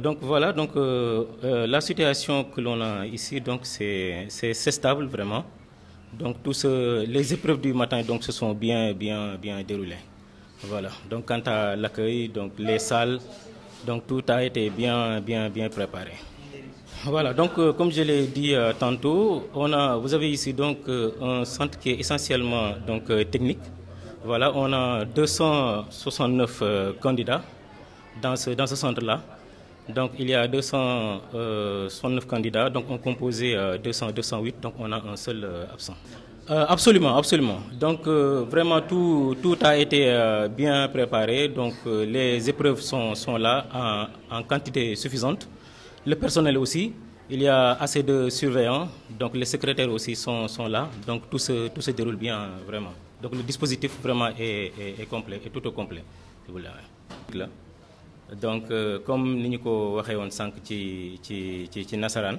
donc voilà, donc euh, euh, la situation que l'on a ici, donc c'est stable vraiment. Donc tous euh, les épreuves du matin donc se sont bien bien bien déroulées. Voilà. Donc quant à l'accueil, les salles, donc tout a été bien bien bien préparé. Voilà. Donc comme je l'ai dit tantôt, on a vous avez ici donc un centre qui est essentiellement donc technique. Voilà, on a 269 candidats dans ce dans ce centre là. Donc il y a 269 euh, candidats, donc on composait 208, euh, donc on a un seul euh, absent. absolument, absolument. Donc vraiment tout, a été bien préparé. Donc les épreuves sont, là en, quantité suffisante. Le personnel aussi, il y a assez de surveillants. Donc les secrétaires aussi sont, là. Donc tout se, tout se déroule bien vraiment. Donc le dispositif vraiment est, complet, est tout au complet donc euh, comme ni ñu ko waxee woon sànq ci ci ci ci nasaraan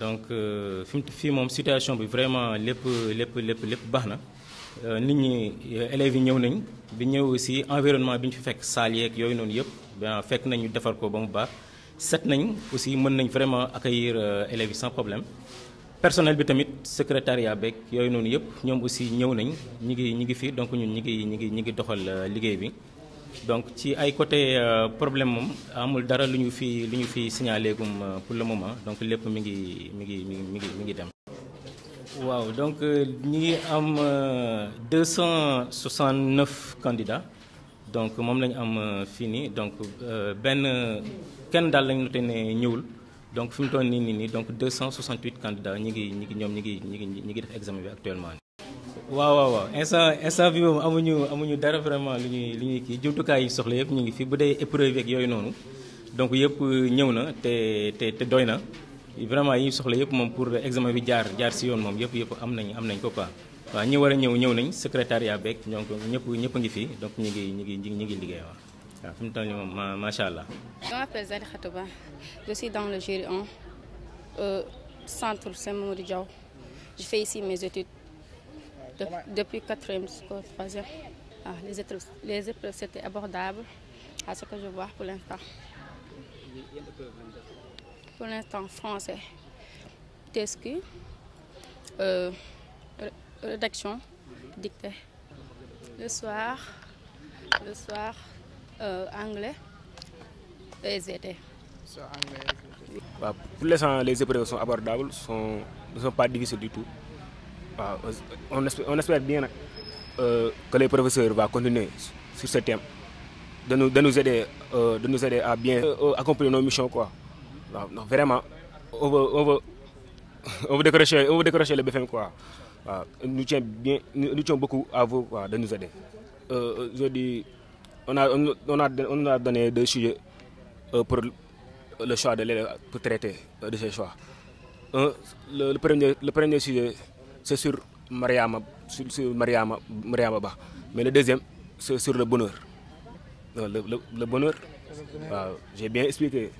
donc euh, fi fii moom situation bi vraiment lépp lépp lépp lépp baax na euh, nit ñi élèves yi ñëw nañ bi ñëw aussi environnement bi ñu fi fekk salle yeeg yooyu noonu yëpp ben, fekk nañu defar ko ba mu baax set nañ aussi mën nañ vraiment accueillir élèves yi sans problème personnel bi tamit secrétariat beeg yooyu noonu yëpp ñoom aussi ñëw nañ ñi ngi ñi ngi fii donc ñun ñi ngi ñi ngi ñi ngi doxal liggéey bi donc ci ay côté euh, problème amul dara luñu fi luñu fi signaler gum euh, pour le moment donc lepp mi ngi mi ngi mi ngi mi ngi dem. waaw donc euh, ñi ngi am 269 candidats donc mom lañ am fini. donc ben ken dal lañ noté ne ñëwul donc fi ton ni ni. donc 268 candidats ñi ngi ñi ngi ñoom ñi ngi ñi ngi ñi ngi def examen bi actuellement waaw waaw waaw instant instant bi moom amuñu amuñu dara vraiment lu ñuy lu ñuy kii jumtukaay yi soxla yëpp ñu ngi fi bu dee épreuve yeeg yooyu noonu donc yëpp ñëw na te te te doy na vraiment yi soxla yëpp moom pour examen bi jaar jaar si yoon moom yëpp yëpp am nañ am nañ ko quoi. waaw ñi war a ñëw ñëw nañ secrétariat beeg donc ñëpp ñëpp ngi fi donc ñu ngi ñu ngi ñu ngi liggéey waaw waaw fi mu toll nii moom macha allah. je m'appelle Zali Khatouba je suis dans le jury 1 euh, centre Saint-Mamadou Diaw je fais ici mes études depuis quatrième jusqu'au troisième. Ah, les épreuves, les épreuves c'était abordable à ce que je vois pour l'instant. Pour l'instant, français, TSQ, euh, rédaction, dictée. Le soir, le soir, euh, anglais et Pour l'instant, les épreuves sont abordables, ne sont pas difficiles du tout on espère bien euh, que les professeurs vont continuer sur ce thème de nous aider euh, de nous aider à bien euh, accomplir nos missions quoi vraiment on veut on veut on décrocher le BFM quoi nous tient bien beaucoup à vous de nous aider dis on a on a a donné deux sujets pour le choix de traiter de ces choix le premier le premier sujet c'est sur Mariama, sur, sur Mariama, Mariama Ba. Mais le deuxième, c'est sur le bonheur. Le, le, le bonheur, euh, j'ai bien expliqué.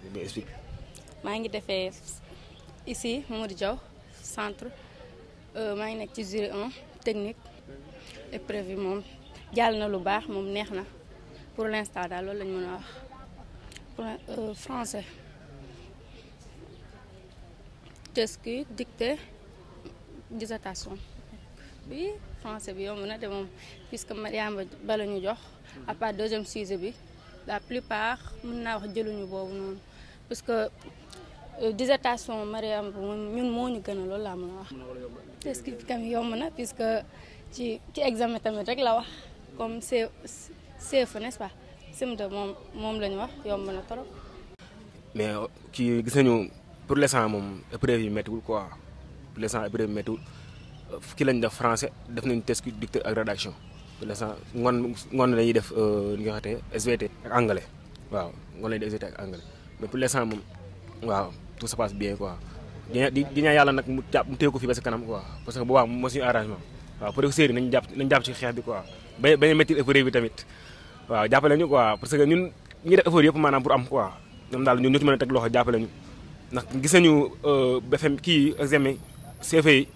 J'ai bien expliqué. Je suis ici, Diaw, centre. Euh, je suis ci jury 1, technique, épreuve. Moom jàll na lu baax moom neex pour l'instant daal loolu lañ mën wax pour euh, français. Qu'est-ce que dictée dissertation bi français bi yomb na de mom puisque Mariama ba la jox à part deuxième sujet bi la plupart mën na wax jëluñu bobu non parce que euh, dissertation Mariama ñun moñu gëna gën la loolu wax est-ce que kam yomb na puisque ci ci examen tamit rek la wax comme c'est c'est CFE n'est-ce pas cm de mom mom la wax yomb na trop mais euh, kii gis nañu pour l'instant moom épreuve yi méttiwul quoi pour l'instant épreuve météo ki lañ def français def nañ test dictée ak rédaction pour l'instant ngoon ngoon dañuy def euh nga xamante SVT ak anglais waaw ngoon lañuy def SVT ak anglais mais pour l'instant moom waaw tout se passe bien quoi di di ñaan yàlla nag mu jàpp mu téye ko fii ba si kanam quoi parce que boobaa mo suñu arrangement waaw professeurs yi nañu jàpp nañu jàpp ci xéx bi quoi ba bañ a effort bi tamit waaw jàppale ñu quoi parce que ñun ñi def effort yépp manam pour am quoi ñoom dal ñun ñu ci mën loxo jàppale ñu ndax gis nañu euh, BFM ki examen CFA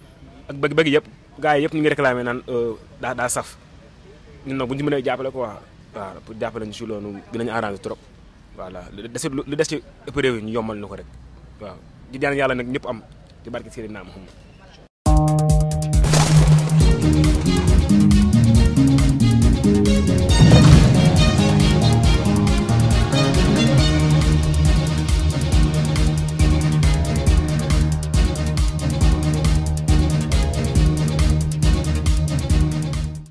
ak bëgg bëgg yëpp gars yi yëpp ñu ngi réclamé naan euh, daa daa saf ñun nag bu ñu ci mënee jàppale quoi waaw pour jàppale ñu si loolu dinañ arrangé trop voilà lu des lu des ci épreuve yi ñu yombal na ko rek waaw di ñaan yàlla nag ñëpp am ci barke Seydina Muhammad